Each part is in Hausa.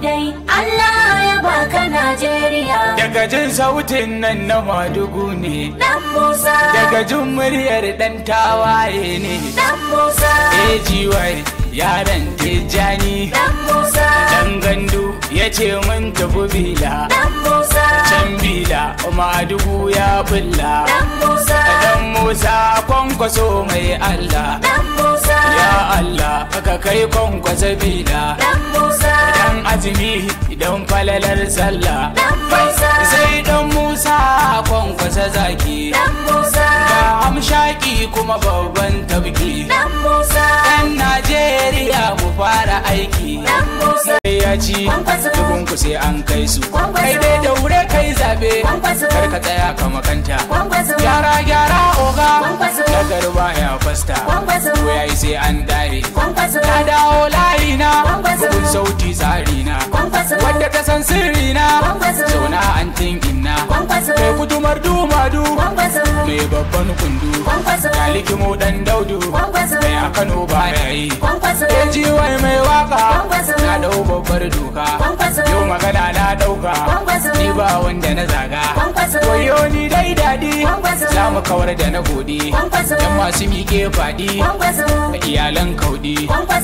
dai Allah ya baka Najeriya daga jin sautin nan na madugu ne dan Musa daga jin muryar dan tawaye ne dan Musa AGY yaran Tijjani dan Musa dan gandu ya ce mun tafi bila dan Musa can bila madugu ya bulla dan Musa dan Musa kwankwaso mai Allah dan Musa ya Allah ka kai kwankwasa bila dan Musa falalar sallah sai dan musa kwankwasa zaki ba amshaki kuma babban tabki dan najeriya mu fara aiki sai ya ci dukunku sai an kai su kai dai da wure kai zabe kar ka tsaya ka makanta gyara gyara oga na garba ya fasta ko yayi sai an dare na dawo layi na babban kundu ya mu dan daudu mai a kano ba ya yi wai mai waka na dau babbar doka yau magana na dauka ni ba wanda na zaga koyo ni dai daɗi za mu kawar da na gode yan masu mike faɗi ga iyalan kauɗi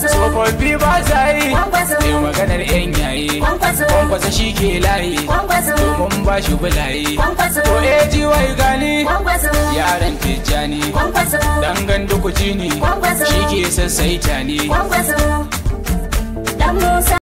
tsofaffi ba sa yi mai maganar yan yaye kwankwasa shi ke layi domin ba shi bulaye ko wai gani yaran tijjani dan gandu ku ne shi ke sassaita ne